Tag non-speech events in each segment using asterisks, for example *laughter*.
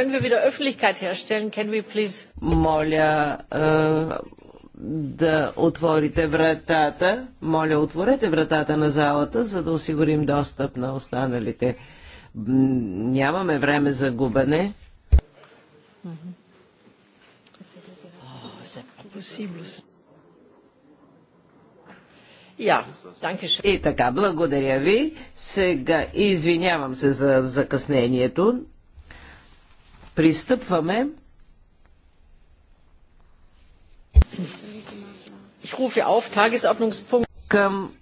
Können wir wieder Öffentlichkeit herstellen? Can we please? Моля е, да отворите вратата. Моля, отворете вратата на залата, за да осигурим достъп на останалите. Нямаме време за губене. Yeah, И така, благодаря ви. Сега извинявам се за закъснението. Пристъпваме към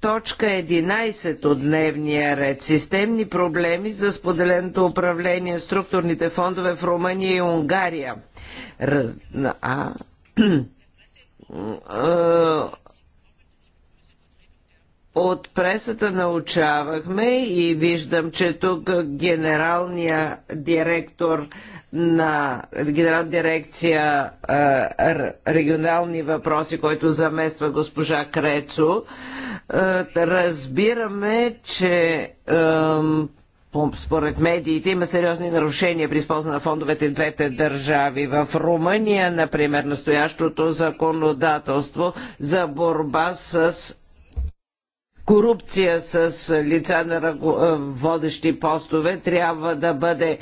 точка 11 от дневния ред. Системни проблеми за споделеното управление на структурните фондове в Румъния и Унгария. Р... А... *clears throat* От пресата научавахме и виждам, че тук генералния директор на генерална дирекция регионални въпроси, който замества госпожа Крецо, разбираме, че според медиите има сериозни нарушения при използване на фондовете в двете държави. В Румъния, например, настоящото законодателство за борба с корупция с лица на водещи постове трябва да бъде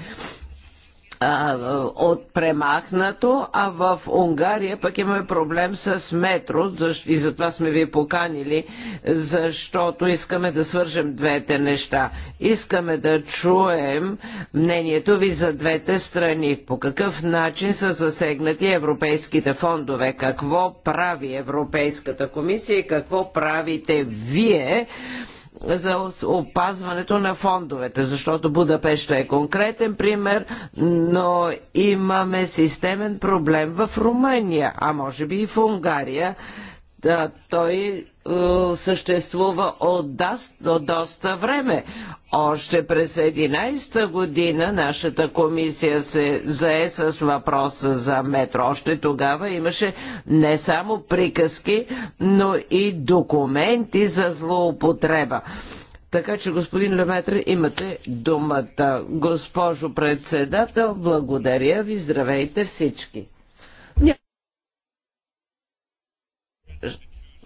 от премахнато, а в Унгария пък имаме проблем с метро и затова сме ви поканили, защото искаме да свържем двете неща. Искаме да чуем мнението ви за двете страни. По какъв начин са засегнати европейските фондове? Какво прави Европейската комисия и какво правите вие? за опазването на фондовете, защото Будапешта е конкретен пример, но имаме системен проблем в Румъния, а може би и в Унгария да, той е, съществува от, даст, от доста време. Още през 11-та година нашата комисия се зае с въпроса за метро. Още тогава имаше не само приказки, но и документи за злоупотреба. Така че, господин Леметре, имате думата. Госпожо председател, благодаря ви. Здравейте всички.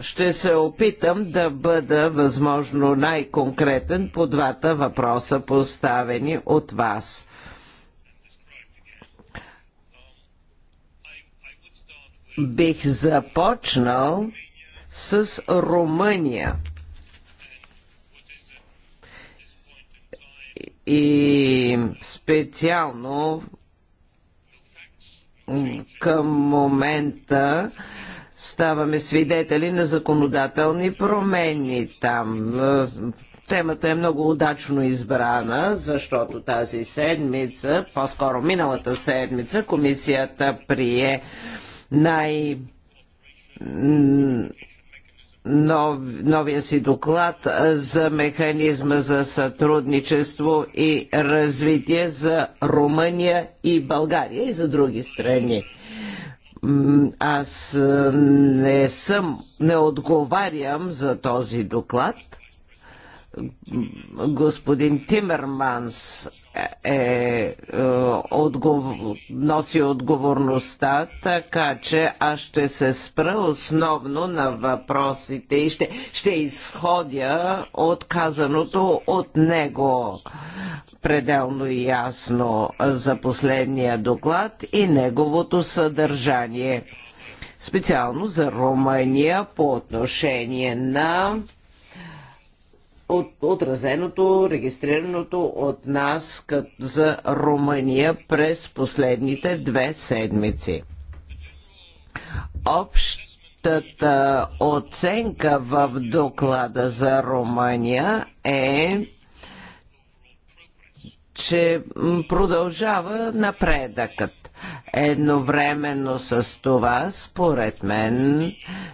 Ще се опитам да бъда възможно най-конкретен по двата въпроса, поставени от вас. Бих започнал с Румъния. И специално към момента ставаме свидетели на законодателни промени там. Е, темата е много удачно избрана, защото тази седмица, по-скоро миналата седмица, комисията прие най- нов, новия си доклад за механизма за сътрудничество и развитие за Румъния и България и за други страни. Аз не съм, не отговарям за този доклад, господин Тимерманс е, е, е отгов... носи отговорността, така че аз ще се спра основно на въпросите и ще, ще изходя от казаното от него пределно и ясно за последния доклад и неговото съдържание. Специално за Румъния по отношение на от, отразеното, регистрираното от нас за Румъния през последните две седмици. Общата оценка в доклада за Румъния е че продължава напредъкът. Едновременно с това, според мен,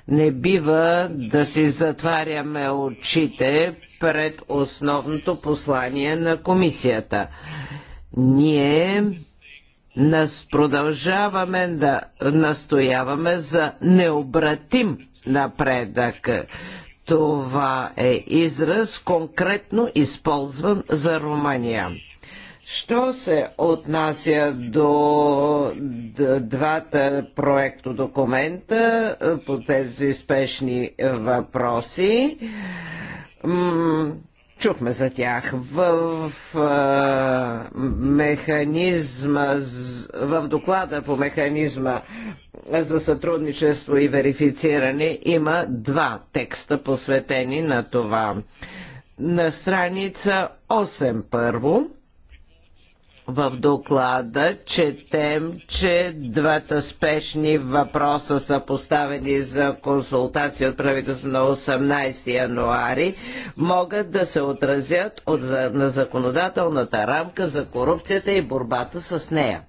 не бива да си затваряме очите пред основното послание на комисията. Ние нас продължаваме да настояваме за необратим напредък. Това е израз конкретно използван за Румъния. Що се отнася до двата проекто документа е, по тези спешни е, въпроси, чухме за тях в, в е, механизма, в доклада по механизма за сътрудничество и верифициране има два текста посветени на това. На страница 8 първо в доклада четем, че двата спешни въпроса са поставени за консултация от правителство на 18 януари, могат да се отразят от, на законодателната рамка за корупцията и борбата с нея.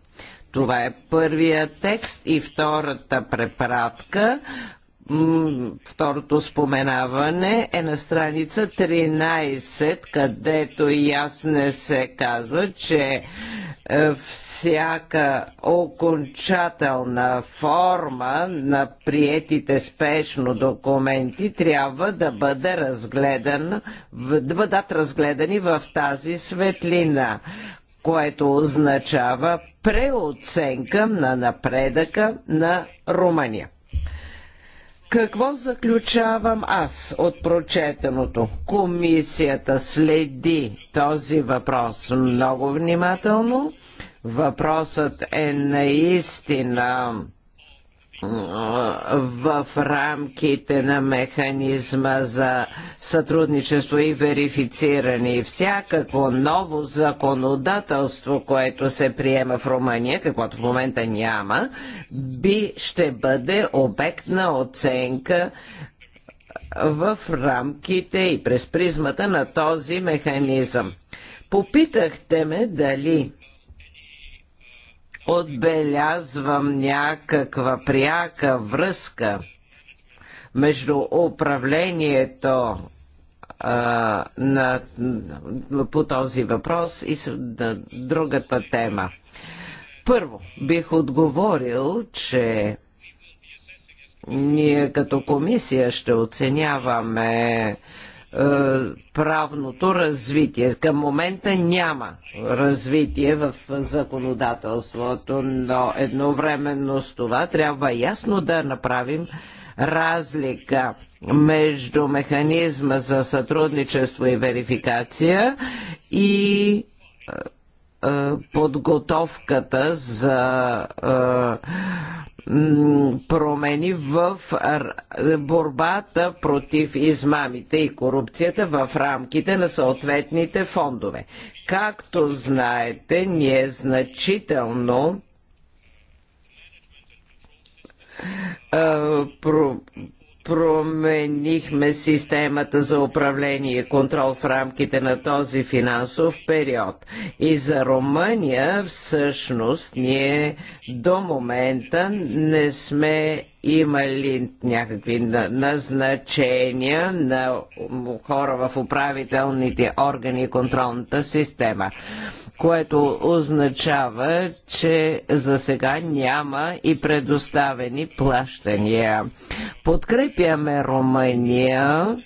Това е първия текст и втората препратка второто споменаване е на страница 13, където ясно се казва, че е, всяка окончателна форма на приетите спешно документи трябва да бъде разгледан, да бъдат разгледани в тази светлина, което означава преоценка на напредъка на Румъния. Какво заключавам аз от прочетеното? Комисията следи този въпрос много внимателно. Въпросът е наистина в рамките на механизма за сътрудничество и верифициране. И всякакво ново законодателство, което се приема в Румъния, каквото в момента няма, би ще бъде обект на оценка в рамките и през призмата на този механизъм. Попитахте ме дали отбелязвам някаква пряка връзка между управлението а, на, по този въпрос и на другата тема. Първо, бих отговорил, че ние като комисия ще оценяваме е, правното развитие. Към момента няма развитие в законодателството, но едновременно с това трябва ясно да направим разлика между механизма за сътрудничество и верификация и е, е, подготовката за промени в борбата против измамите и корупцията в рамките на съответните фондове. Както знаете, ние значително про, променихме системата за управление и контрол в рамките на този финансов период. И за Румъния всъщност ние до момента не сме имали някакви назначения на хора в управителните органи и контролната система което означава, че за сега няма и предоставени плащания. Подкрепяме Румъния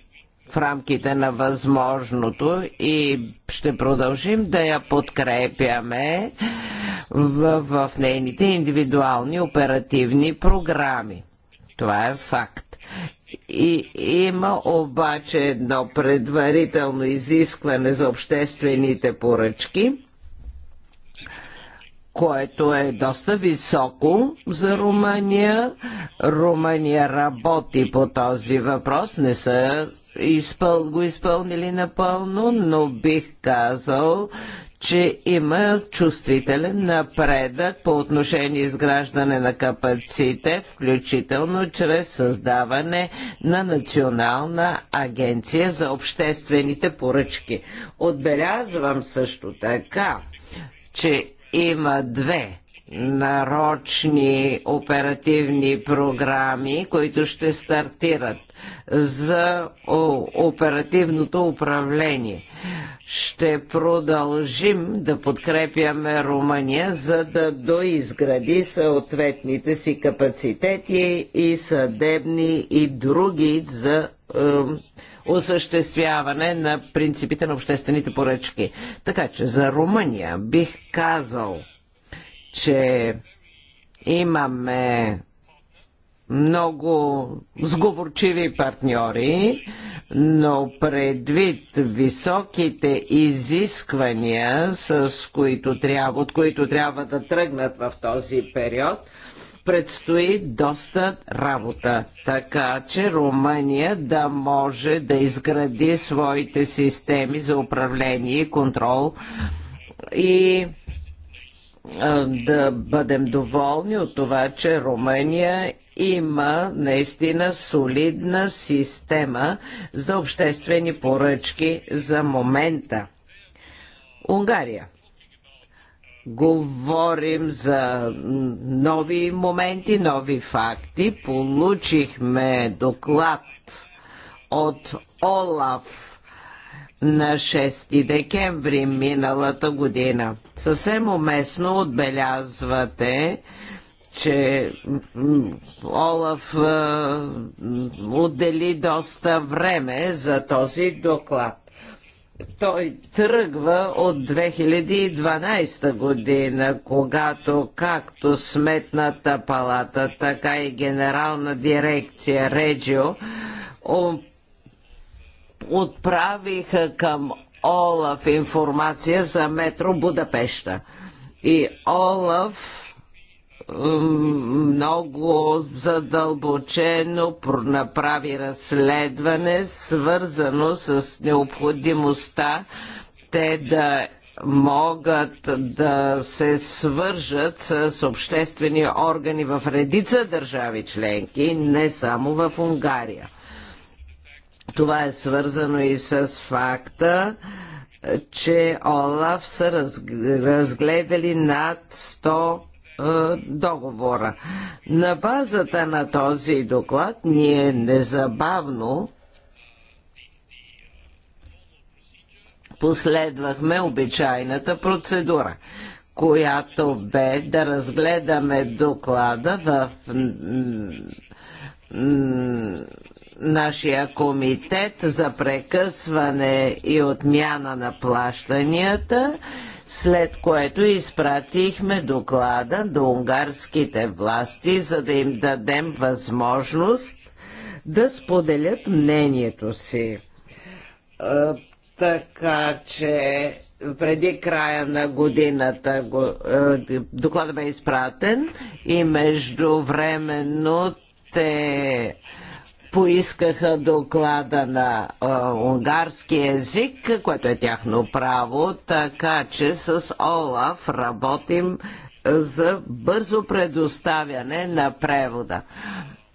в рамките на възможното и ще продължим да я подкрепяме в, в нейните индивидуални оперативни програми. Това е факт. И има обаче едно предварително изискване за обществените поръчки – което е доста високо за Румъния. Румъния работи по този въпрос, не са изпъл... го изпълнили напълно, но бих казал, че има чувствителен напредък по отношение изграждане на капаците, включително чрез създаване на Национална агенция за обществените поръчки. Отбелязвам също така, че има две нарочни оперативни програми, които ще стартират за оперативното управление. Ще продължим да подкрепяме Румъния, за да доизгради съответните си капацитети и съдебни и други за е, осъществяване на принципите на обществените поръчки. Така че за Румъния бих казал, че имаме много сговорчиви партньори, но предвид високите изисквания, с които трябва, от които трябва да тръгнат в този период, предстои доста работа, така че Румъния да може да изгради своите системи за управление и контрол и да бъдем доволни от това, че Румъния има наистина солидна система за обществени поръчки за момента. Унгария. Говорим за нови моменти, нови факти. Получихме доклад от ОЛАФ на 6 декември миналата година. Съвсем уместно отбелязвате, че Олаф е, отдели доста време за този доклад той тръгва от 2012 година, когато както Сметната палата, така и Генерална дирекция Реджио отправиха към Олаф информация за метро Будапешта. И Олаф много задълбочено направи разследване, свързано с необходимостта те да могат да се свържат с обществени органи в редица държави членки, не само в Унгария. Това е свързано и с факта, че Олаф са разгледали над 100 е, договора. На базата на този доклад ние незабавно последвахме обичайната процедура която бе да разгледаме доклада в нашия комитет за прекъсване и отмяна на плащанията след което изпратихме доклада до унгарските власти, за да им дадем възможност да споделят мнението си. А, е, така че преди края на годината го, е, докладът бе изпратен и междувременно те поискаха доклада на а, унгарски език, което е тяхно право, така че с Олаф работим за бързо предоставяне на превода.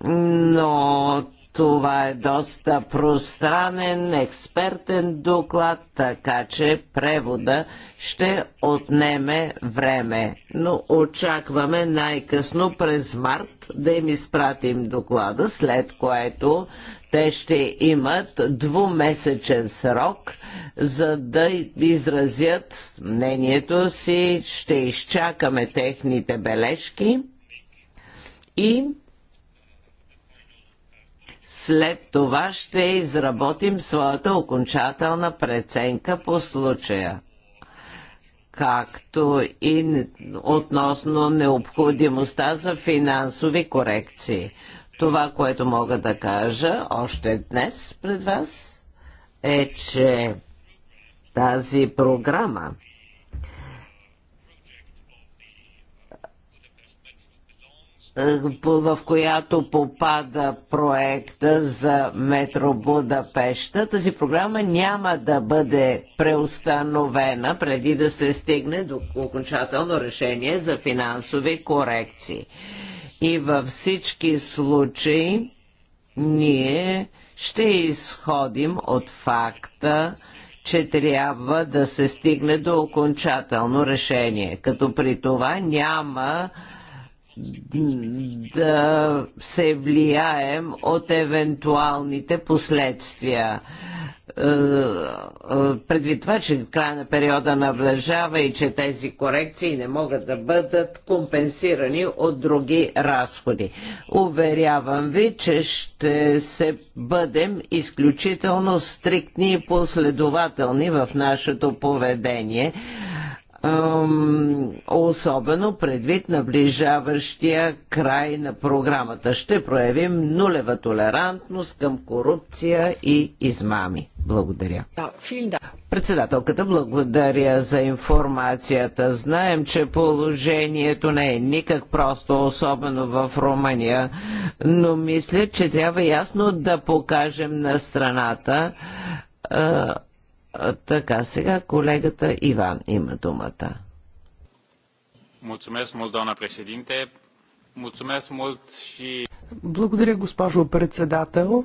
Но това е доста пространен, експертен доклад, така че превода ще отнеме време. Но очакваме най-късно през март да им изпратим доклада, след което те ще имат двумесечен срок, за да изразят мнението си. Ще изчакаме техните бележки и след това ще изработим своята окончателна преценка по случая както и относно необходимостта за финансови корекции. Това, което мога да кажа още днес пред вас, е, че тази програма Е, в която попада проекта за метро Будапешта. Тази програма няма да бъде преустановена преди да се стигне до окончателно решение за финансови корекции. И във всички случаи ние ще изходим от факта, че трябва да се стигне до окончателно решение, като при това няма да се влияем от евентуалните последствия. Е, е, предвид това, че края на периода наближава и че тези корекции не могат да бъдат компенсирани от други разходи. Уверявам ви, че ще се бъдем изключително стриктни и последователни в нашето поведение особено предвид наближаващия край на програмата. Ще проявим нулева толерантност към корупция и измами. Благодаря. Председателката, благодаря за информацията. Знаем, че положението не е никак просто, особено в Румъния, но мисля, че трябва ясно да покажем на страната така, сега колегата Иван има думата. și... Благодаря, госпожо председател.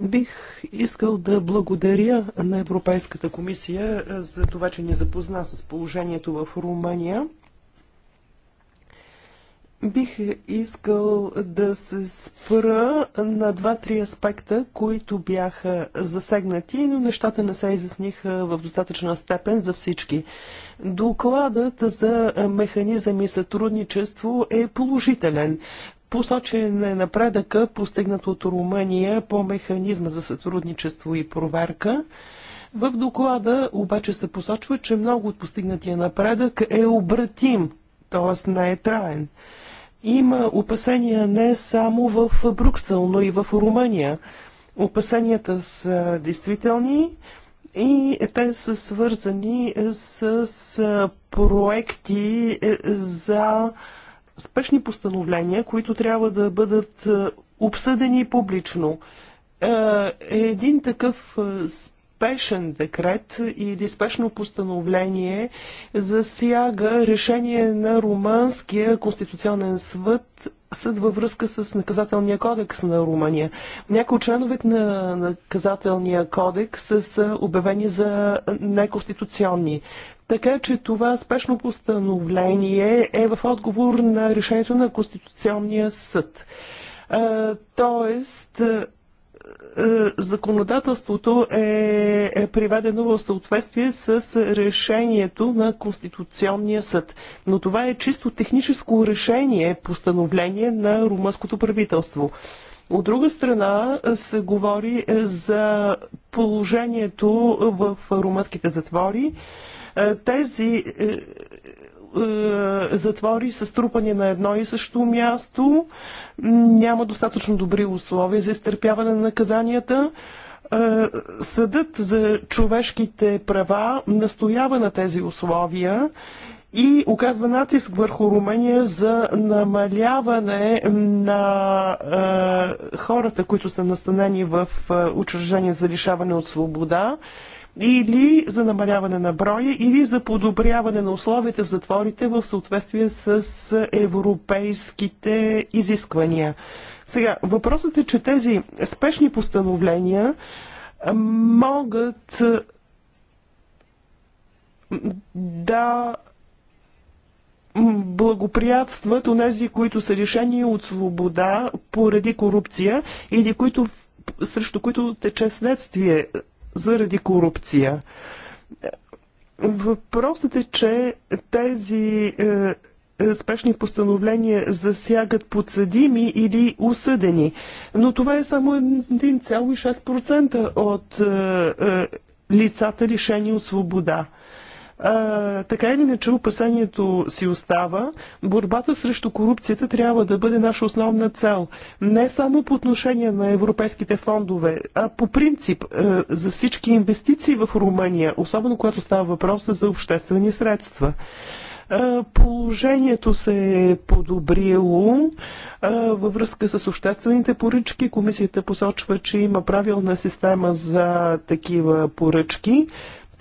Бих искал да благодаря на Европейската комисия за това, че ни запозна с положението в Румъния. Бих искал да се спра на два-три аспекта, които бяха засегнати, но нещата не се изясниха в достатъчна степен за всички. Докладът за механизъм и сътрудничество е положителен. Посочен е напредъка, постигнат от Румъния по механизма за сътрудничество и проверка. В доклада обаче се посочва, че много от постигнатия напредък е обратим, т.е. не е траен. Има опасения не само в Бруксел, но и в Румъния. Опасенията са действителни и те са свързани с, с проекти е, за спешни постановления, които трябва да бъдат е, обсъдени публично. Е, един такъв спешен декрет или спешно постановление засяга решение на Румънския конституционен съд съд във връзка с наказателния кодекс на Румъния. Някои от членовете на наказателния кодекс са обявени за неконституционни. Така че това спешно постановление е в отговор на решението на Конституционния съд. Тоест, е, законодателството е, е приведено в съответствие с решението на Конституционния съд. Но това е чисто техническо решение, постановление на румънското правителство. От друга страна е, се говори за положението в румънските затвори. Тези е, затвори са струпани на едно и също място, няма достатъчно добри условия за изтърпяване на наказанията. Е, съдът за човешките права настоява на тези условия и оказва натиск върху Румъния за намаляване на е, хората, които са настанени в е, учреждения за лишаване от свобода или за намаляване на броя, или за подобряване на условията в затворите в съответствие с европейските изисквания. Сега, въпросът е, че тези спешни постановления могат да благоприятстват онези, които са решени от свобода поради корупция или които срещу които тече следствие заради корупция. Въпросът е, че тези е, е, спешни постановления засягат подсъдими или осъдени. Но това е само 1,6% от е, е, лицата лишени от свобода. А, така или иначе, опасението си остава. Борбата срещу корупцията трябва да бъде наша основна цел. Не само по отношение на европейските фондове, а по принцип а, за всички инвестиции в Румъния, особено когато става въпрос за обществени средства. Положението се е подобрило във връзка с обществените поръчки. Комисията посочва, че има правилна система за такива поръчки.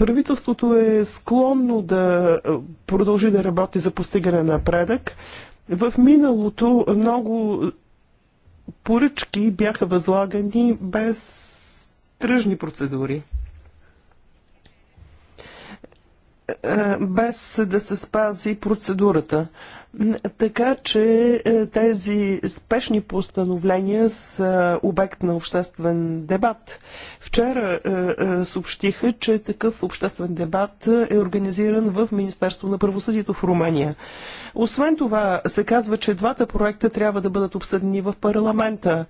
Правителството е склонно да е, продължи да работи за постигане на напредък. В миналото много поръчки бяха възлагани без тръжни процедури. Е, е, без да се спази процедурата. Така че е, тези спешни постановления са обект на обществен дебат. Вчера е, е, съобщиха, че такъв обществен дебат е организиран в Министерство на правосъдието в Румъния. Освен това, се казва, че двата проекта трябва да бъдат обсъдени в парламента.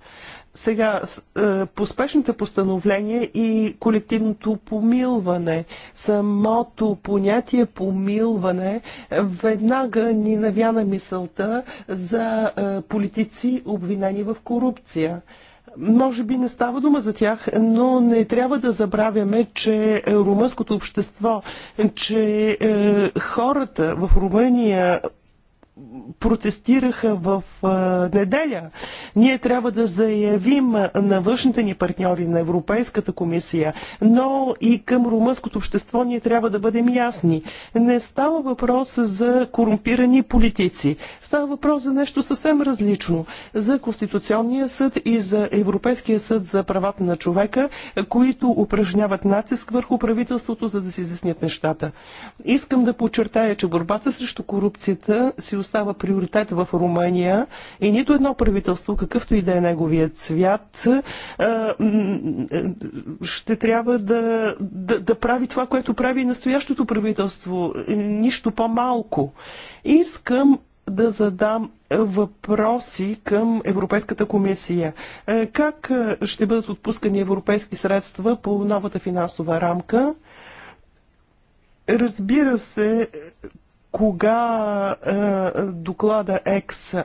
Сега, е, по спешните постановления и колективното помилване, самото понятие помилване веднага ни навяна мисълта за е, политици обвинени в корупция. Може би не става дума за тях, но не трябва да забравяме, че е, румънското общество, че е, хората в Румъния протестираха в неделя. Ние трябва да заявим на външните ни партньори, на Европейската комисия, но и към румънското общество ние трябва да бъдем ясни. Не става въпрос за корумпирани политици. Става въпрос за нещо съвсем различно. За Конституционния съд и за Европейския съд за правата на човека, които упражняват натиск върху правителството, за да си изяснят нещата. Искам да подчертая, че борбата срещу корупцията си остава приоритет в Румъния и нито едно правителство, какъвто и да е неговият свят, ще трябва да, да, да прави това, което прави и настоящото правителство. Нищо по-малко. Искам да задам въпроси към Европейската комисия. Е, как е, ще бъдат отпускани европейски средства по новата финансова рамка? Разбира се, кога е, доклада Екс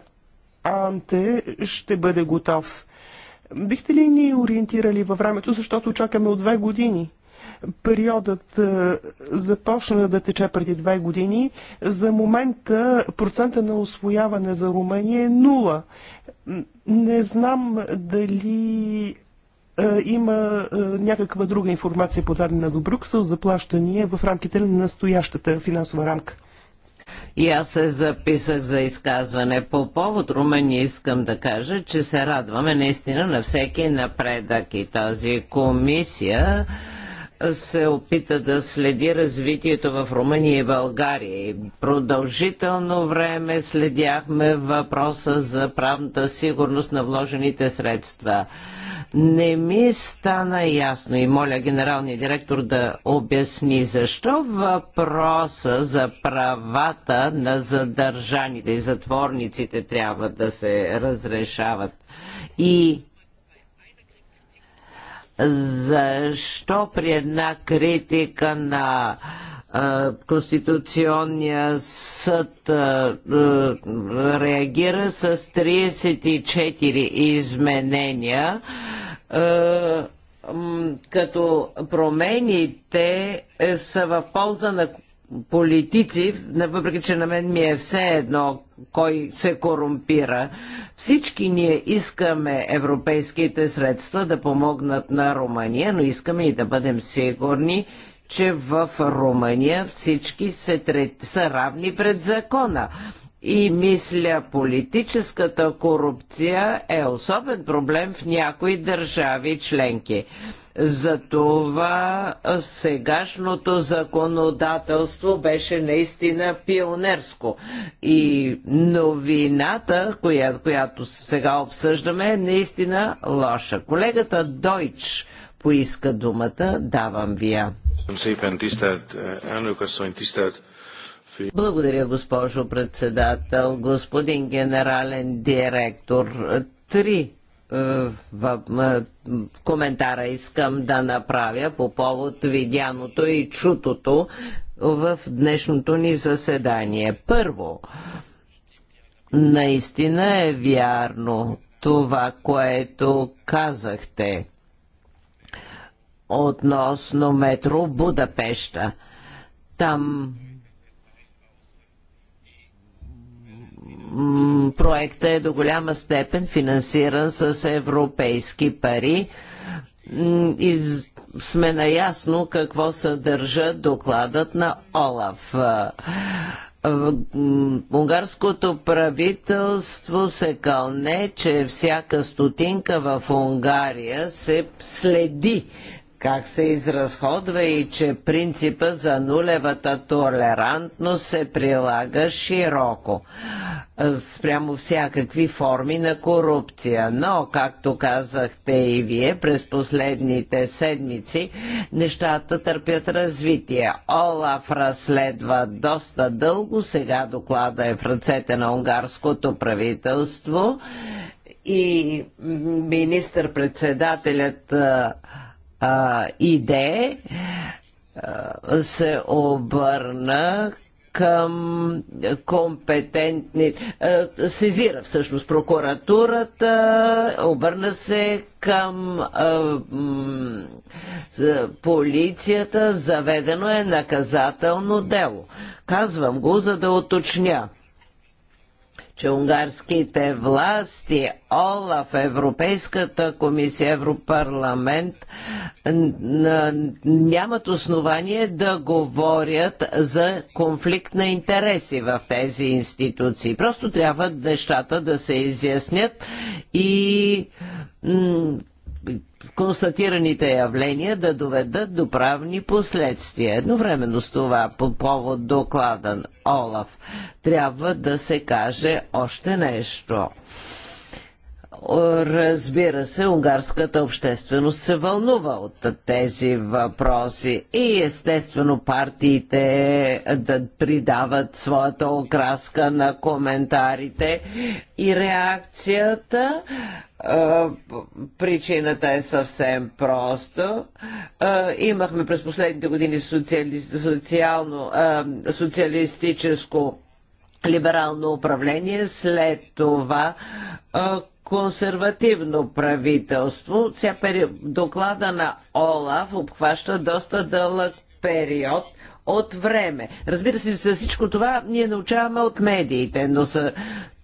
Анте ще бъде готов? Бихте ли ни ориентирали във времето, защото чакаме от две години? Периодът е, започна да тече преди две години. За момента процента на освояване за Румъния е нула. Не знам дали е, има е, някаква друга информация подадена до Брюксел за плащания в рамките на настоящата финансова рамка. И аз се записах за изказване. По повод Румъния искам да кажа, че се радваме наистина на всеки напредък и тази комисия се опита да следи развитието в Румъния и България. И продължително време следяхме въпроса за правната сигурност на вложените средства. Не ми стана ясно и моля генералния директор да обясни защо въпроса за правата на задържаните и затворниците трябва да се разрешават. И защо при една критика на Конституционния съд реагира с 34 изменения, като промените е, са в полза на политици, въпреки че на мен ми е все едно кой се корумпира, всички ние искаме европейските средства да помогнат на Румъния, но искаме и да бъдем сигурни, че в Румъния всички се трет... са равни пред закона. И мисля, политическата корупция е особен проблем в някои държави членки. Затова сегашното законодателство беше наистина пионерско. И новината, коя, която сега обсъждаме, е наистина лоша. Колегата Дойч поиска думата. Давам ви я. Szépen eh, благодаря, госпожо председател. Господин генерален директор, три е, е, коментара искам да направя по повод видяното и чутото в днешното ни заседание. Първо, наистина е вярно това, което казахте относно метро Будапешта. Там проектът е до голяма степен финансиран с европейски пари и сме наясно какво съдържа докладът на ОЛАФ. Унгарското правителство се кълне, че всяка стотинка в Унгария се следи как се изразходва и че принципа за нулевата толерантност се прилага широко спрямо всякакви форми на корупция. Но, както казахте и вие, през последните седмици нещата търпят развитие. Олаф разследва доста дълго, сега доклада е в ръцете на унгарското правителство и министър-председателят а, а, се обърна към компетентни... Сезира всъщност прокуратурата, обърна се към а, м, полицията, заведено е наказателно дело. Казвам го, за да уточня че унгарските власти, ОЛАФ, Европейската комисия, Европарламент нямат основание да говорят за конфликт на интереси в тези институции. Просто трябва нещата да се изяснят и констатираните явления да доведат до правни последствия. Едновременно с това, по повод доклада Олаф, трябва да се каже още нещо. Разбира се, унгарската общественост се вълнува от тези въпроси и естествено партиите да придават своята окраска на коментарите и реакцията. Причината е съвсем просто. Имахме през последните години социали... социално, социалистическо либерално управление, след това консервативно правителство. Доклада на ОЛАФ обхваща доста дълъг период от време. Разбира се, за всичко това ние научаваме от медиите, но са,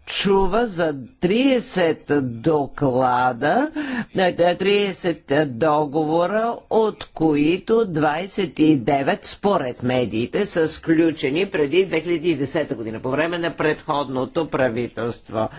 чува за 30 доклада, 30 е, е, договора, от които 29 според медиите са сключени преди 2010 година, по време на предходното правителство.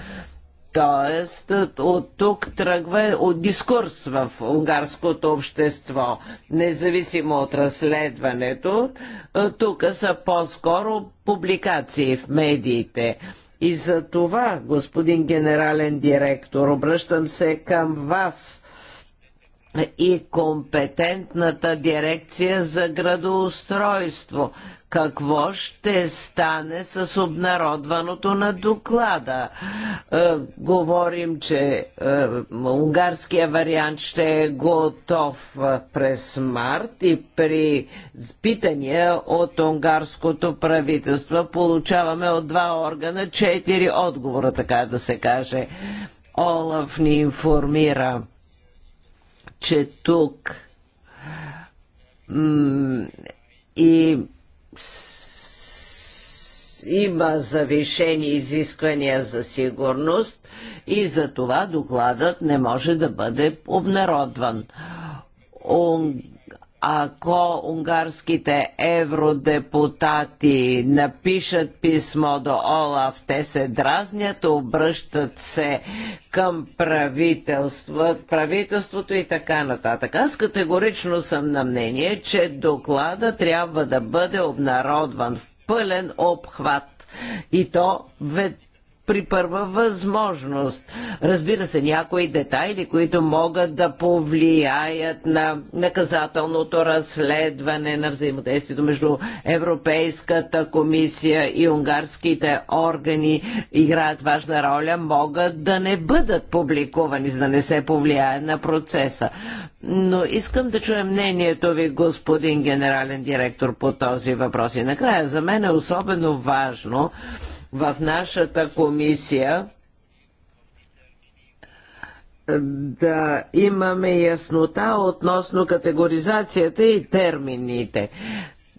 Тоест, от тук тръгва от дискурс в унгарското общество. Независимо от разследването, е, тук са по-скоро публикации в медиите. И за това, господин генерален директор, обръщам се към вас и компетентната дирекция за градоустройство, какво ще стане с обнародваното на доклада. Е, говорим, че е, унгарския вариант ще е готов е, през март и при питания от унгарското правителство получаваме от два органа четири отговора, така да се каже. Олаф ни информира, че тук и има завишени изисквания за сигурност и за това докладът не може да бъде обнародван ако унгарските евродепутати напишат писмо до Олаф, те се дразнят, обръщат се към правителство, правителството и така нататък. Аз категорично съм на мнение, че доклада трябва да бъде обнародван в пълен обхват и то вед при първа възможност. Разбира се, някои детайли, които могат да повлияят на наказателното разследване на взаимодействието между Европейската комисия и унгарските органи играят важна роля, могат да не бъдат публикувани, за да не се повлияе на процеса. Но искам да чуя мнението ви, господин генерален директор, по този въпрос. И накрая за мен е особено важно, в нашата комисия да имаме яснота относно категоризацията и термините.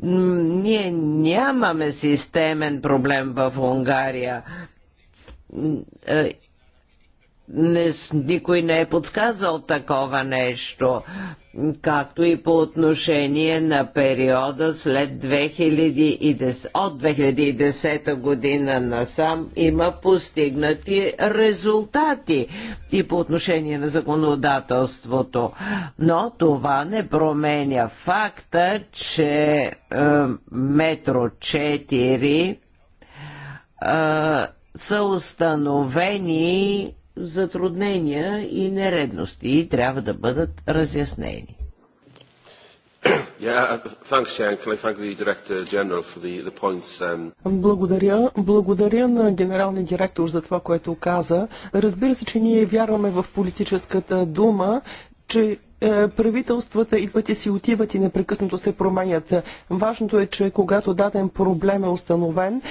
Ние нямаме системен проблем в Унгария е, не, никой не е подсказал такова нещо, както и по отношение на периода след 2010, от 2010 година насам има постигнати резултати и по отношение на законодателството. Но това не променя факта, че е, метро 4 е, са установени затруднения и нередности и трябва да бъдат разяснени. Um, благодаря. Благодаря на генералния директор за това, което каза. Разбира се, че ние вярваме в политическата дума, че е, правителствата идват и си отиват и непрекъснато се променят. Важното е, че когато даден проблем е установен, е,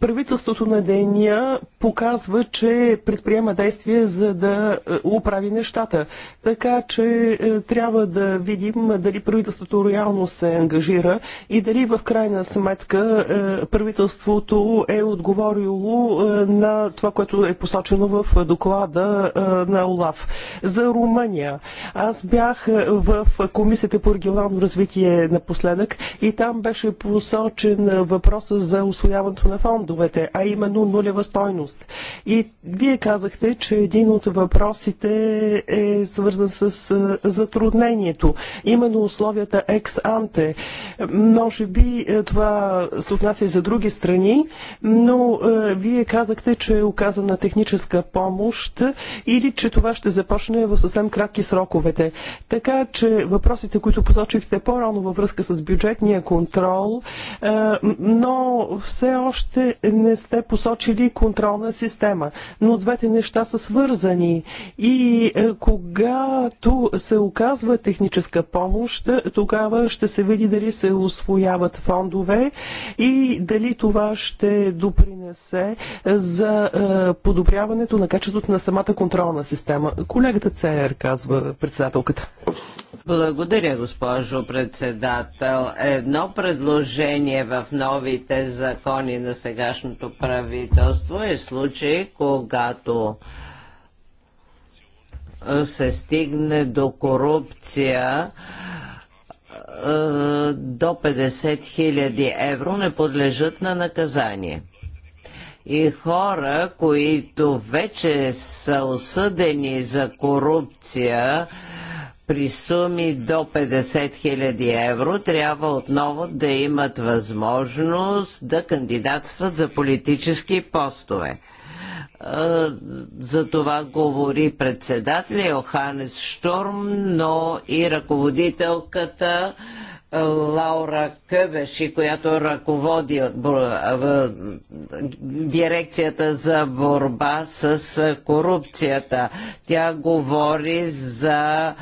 правителството на деня показва, че предприема действия за да управи е, нещата. Така че трябва да видим дали правителството реално се ангажира и дали в крайна сметка правителството е отговорило на това, което е посочено в доклада на ОЛАФ. За Румъния. Аз бях е, в Комисията по регионално развитие напоследък и там беше посочен е, въпроса за освояването на фондовете, а именно нулева стойност. И вие казахте, че един от въпросите е свързан с е, затруднението, именно условията екс-анте. Може би това се отнася и за други страни, но вие казахте, че е оказана техническа помощ или че това ще започне в съвсем кратки сроковете. Така че въпросите, които посочихте по-рано във връзка с бюджетния контрол, е, но все още не сте посочили контролна система. Но двете неща са свързани и е, когато се оказва техническа помощ, тогава ще се види дали се освояват фондове и дали това ще допринесе за е, подобряването на качеството на самата контролна система. Колегата ЦР казва председател науката. Благодаря, госпожо председател. Едно предложение в новите закони на сегашното правителство е случай, когато се стигне до корупция до 50 000 евро не подлежат на наказание и хора, които вече са осъдени за корупция, при суми до 50 000 евро трябва отново да имат възможност да кандидатстват за политически постове. За това говори председателя Йоханес Штурм, но и ръководителката Лаура Къбеши, която ръководи дирекцията за борба с корупцията. Тя говори за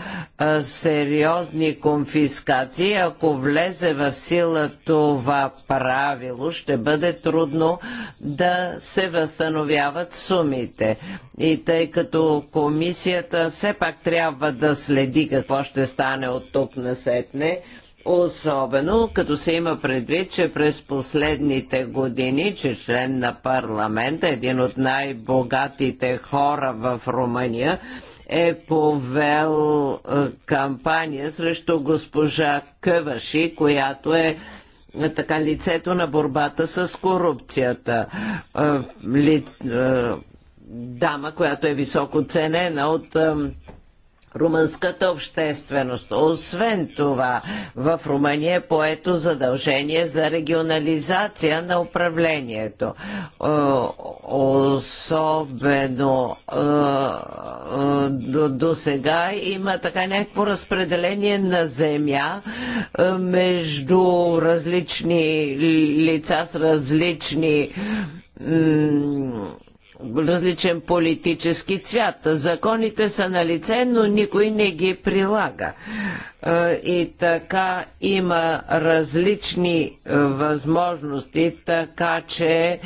сериозни конфискации. Ако влезе в сила това правило, ще бъде трудно да се възстановяват сумите. И тъй като комисията все пак трябва да следи какво ще стане от тук насетне, Особено като се има предвид, че през последните години, че член на парламента, един от най-богатите хора в Румъния, е повел е, кампания срещу госпожа Къваши, която е, е така лицето на борбата с корупцията. Е, Ли, дама, която е високо ценена от румънската общественост. Освен това, в Румъния е поето задължение за регионализация на управлението. Особено до, до сега има така някакво разпределение на земя между различни лица с различни различен политически цвят. Законите са на лице, но никой не ги прилага. И така има различни възможности, така че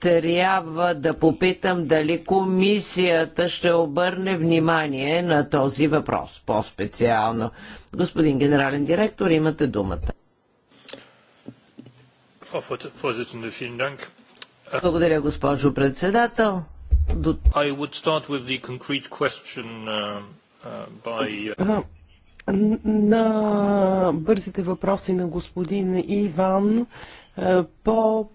трябва да попитам дали комисията ще обърне внимание на този въпрос по-специално. Господин генерален директор, имате думата. Frau Vorsitzende, vielen Dank. Благодаря, госпожо председател. До... Uh, uh, uh, на бързите въпроси на господин Иван е, по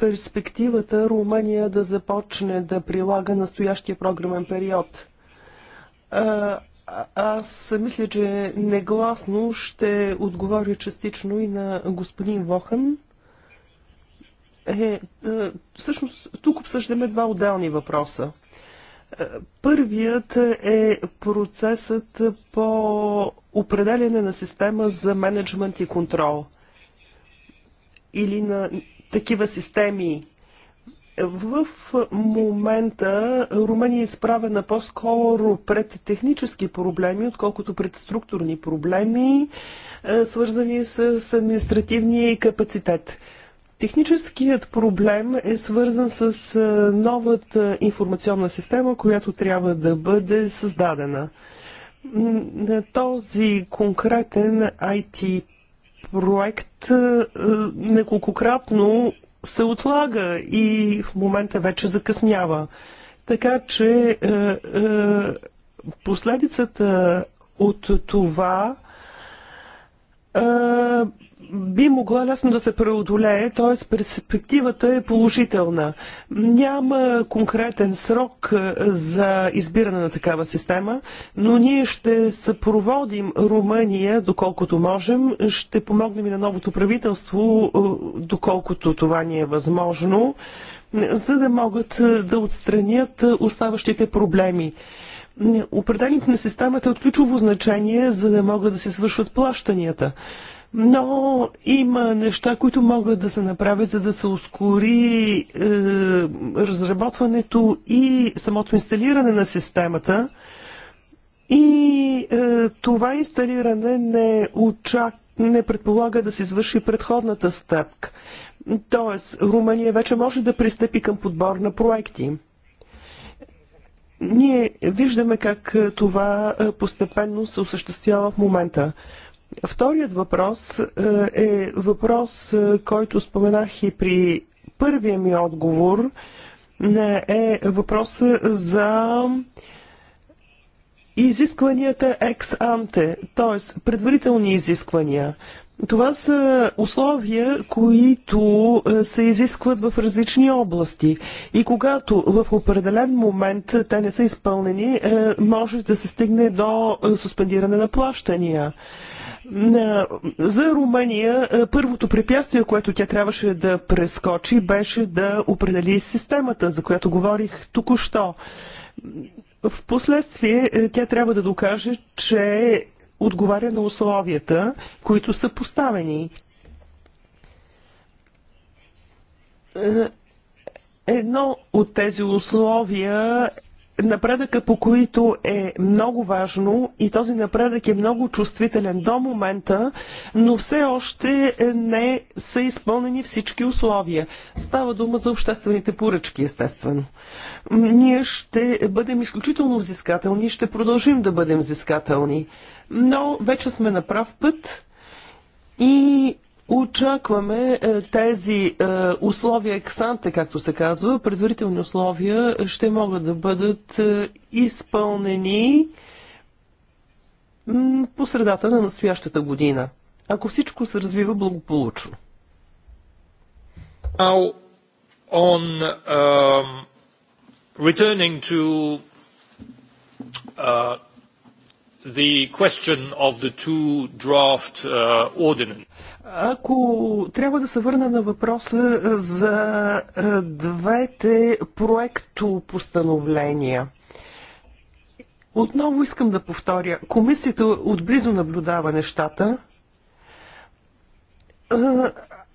перспективата Румъния да започне да прилага настоящия програмен период. Е, аз мисля, че негласно ще отговоря частично и на господин Вохан. Е, е, всъщност тук обсъждаме два отделни въпроса. Е, първият е процесът по определяне на система за менеджмент и контрол или на такива системи. В момента Румъния е изправена по-скоро пред технически проблеми, отколкото пред структурни проблеми, е, свързани с административния капацитет. Техническият проблем е свързан с новата информационна система, която трябва да бъде създадена. Този конкретен IT проект неколкократно се отлага и в момента вече закъснява. Така че последицата от това би могла лесно да се преодолее, т.е. перспективата е положителна. Няма конкретен срок за избиране на такава система, но ние ще съпроводим Румъния доколкото можем, ще помогнем и на новото правителство доколкото това ни е възможно, за да могат да отстранят оставащите проблеми. Определенето на системата е от ключово значение, за да могат да се свършват плащанията. Но има неща, които могат да се направят, за да се ускори е, разработването и самото инсталиране на системата. И е, това инсталиране не, очак... не предполага да се извърши предходната стъпка. Тоест, Румъния вече може да пристъпи към подбор на проекти. Ние виждаме как е, това е, постепенно се осъществява в момента. Вторият въпрос е, е въпрос, който споменах и при първия ми отговор. Е въпроса за изискванията екс-анте, т.е. предварителни изисквания. Това са условия, които е, се изискват в различни области. И когато в определен момент те не са изпълнени, е, може да се стигне до е, суспендиране на плащания. За Румъния първото препятствие, което тя трябваше да прескочи, беше да определи системата, за която говорих току-що. В последствие тя трябва да докаже, че отговаря на условията, които са поставени. Е, едно от тези условия напредъка по които е много важно и този напредък е много чувствителен до момента, но все още не са изпълнени всички условия. Става дума за обществените поръчки, естествено. Ние ще бъдем изключително взискателни и ще продължим да бъдем взискателни но вече сме на прав път и Очакваме е, тези е, условия ексанте, както се казва, предварителни условия ще могат да бъдат е, изпълнени по средата на настоящата година, ако всичко се развива благополучно. Now on uh, returning to uh, the question of the two draft uh, ordinance. Ако трябва да се върна на въпроса за е, двете проекто постановления. Отново искам да повторя. Комисията отблизо наблюдава нещата. Е,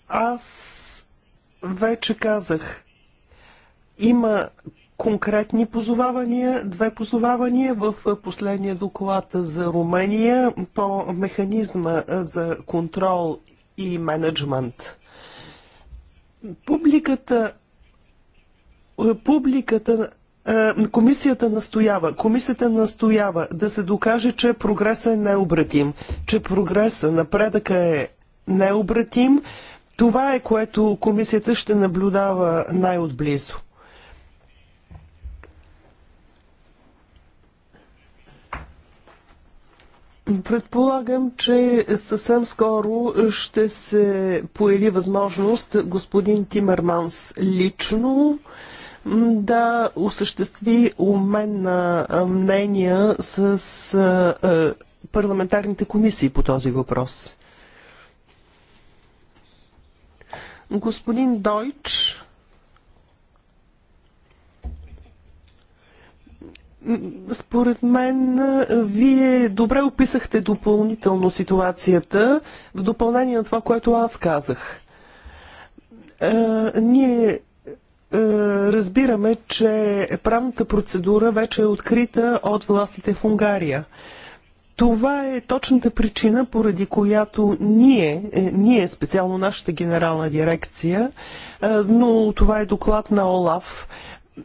аз вече казах, има конкретни позовавания, две позовавания в последния доклад за Румъния по механизма за контрол и менеджмент. Публиката, публиката е, Комисията настоява, комисията настоява да се докаже, че прогресът е необратим, че прогресът, напредъка е необратим. Това е което комисията ще наблюдава най-отблизо. Предполагам, че съвсем скоро ще се появи възможност господин Тимерманс лично да осъществи умен на мнения с парламентарните комисии по този въпрос. Господин Дойч Според мен, вие добре описахте допълнително ситуацията в допълнение на това, което аз казах. Е, ние разбираме, че правната процедура вече е открита от властите в Унгария. Това е точната причина, поради която ние, е, ние специално нашата генерална дирекция, но това е доклад на ОЛАФ,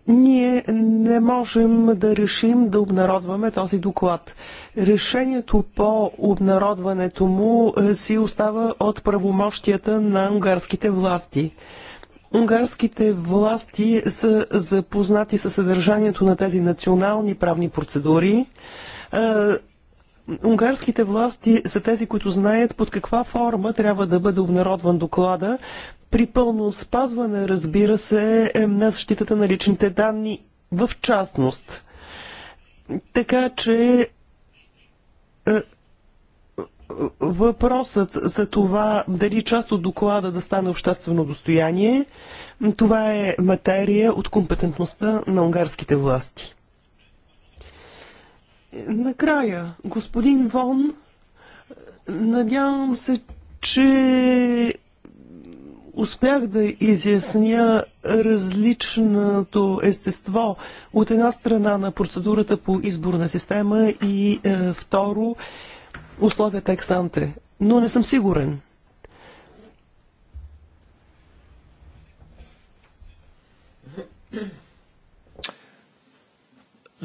ние не можем да решим да обнародваме този доклад. Решението по обнародването му е, си остава от правомощията на унгарските власти. Унгарските власти са запознати със съдържанието на тези национални правни процедури. Е, унгарските власти са тези, които знаят под каква форма трябва да бъде обнародван доклада, при пълно спазване, разбира се, е на защитата на личните данни в частност. Така че е, е, въпросът за това дали част от доклада да стане обществено достояние, това е материя от компетентността на унгарските власти. Накрая, господин Вон, надявам се, че успях да изясня различното естество от една страна на процедурата по изборна система и е, второ условията ексанте. Но не съм сигурен.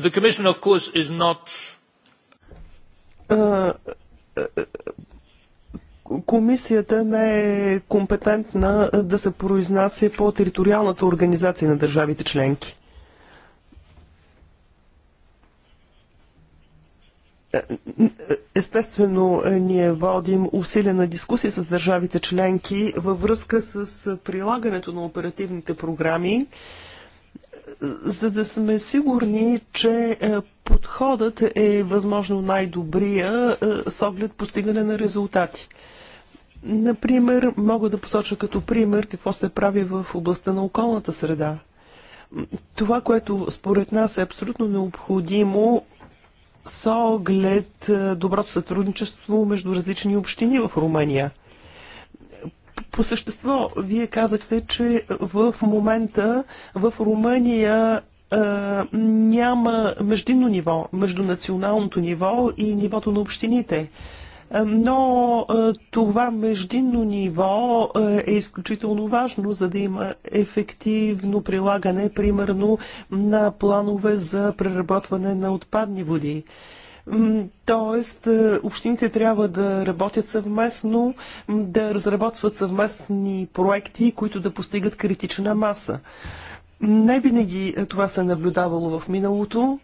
The commission of course is not е, е, е, комисията не е компетентна да се произнася по териториалната организация на държавите членки. Естествено, е, ние водим усилена дискусия с държавите членки във връзка с прилагането на оперативните програми за да сме сигурни, че е, подходът е възможно най-добрия е, с оглед постигане на резултати. Например, мога да посоча като пример какво се прави в областта на околната среда. Това, което според нас е абсолютно необходимо с оглед е, доброто сътрудничество между различни общини в Румъния. По същество, вие казахте, че в момента в Румъния няма междинно ниво, между националното ниво и нивото на общините но това междинно ниво е изключително важно, за да има ефективно прилагане, примерно, на планове за преработване на отпадни води. Тоест, е, общините трябва да работят съвместно, да разработват съвместни проекти, които да постигат критична маса. Не винаги е, това се е наблюдавало в миналото,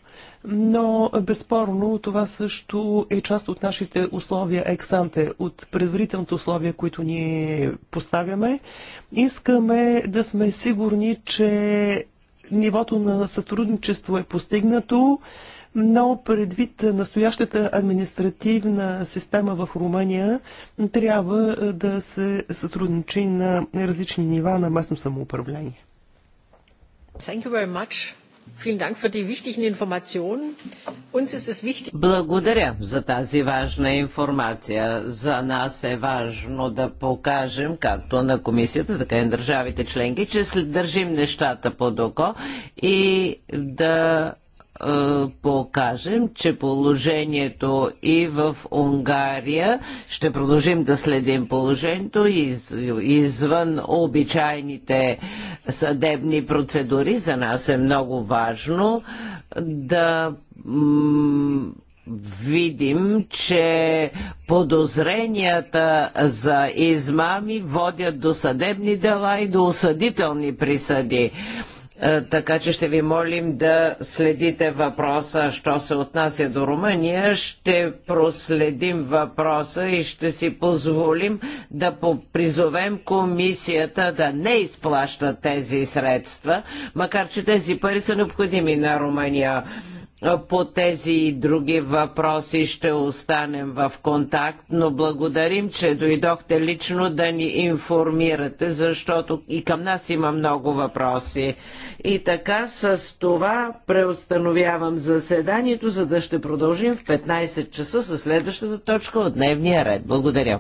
но е, безспорно това също е част от нашите условия ексанте, от предварителните условия, които ние поставяме. Искаме да сме сигурни, че нивото на сътрудничество е постигнато, но предвид настоящата административна система в Румъния трябва е, да се сътрудничи на различни нива на местно самоуправление. Благодаря за тази важна информация. За нас е важно да покажем, както на комисията, така и на държавите членки, че държим нещата под око и да е, покажем, че положението и в Унгария ще продължим да следим положението из, извън обичайните съдебни процедури. За нас е много важно да видим, че подозренията за измами водят до съдебни дела и до осъдителни присъди. Е, така че ще ви молим да следите въпроса, що се отнася до Румъния. Ще проследим въпроса и ще си позволим да призовем комисията да не изплаща тези средства, макар че тези пари са необходими на Румъния. По тези и други въпроси ще останем в контакт, но благодарим, че дойдохте лично да ни информирате, защото и към нас има много въпроси. И така с това преустановявам заседанието, за да ще продължим в 15 часа с следващата точка от дневния ред. Благодаря.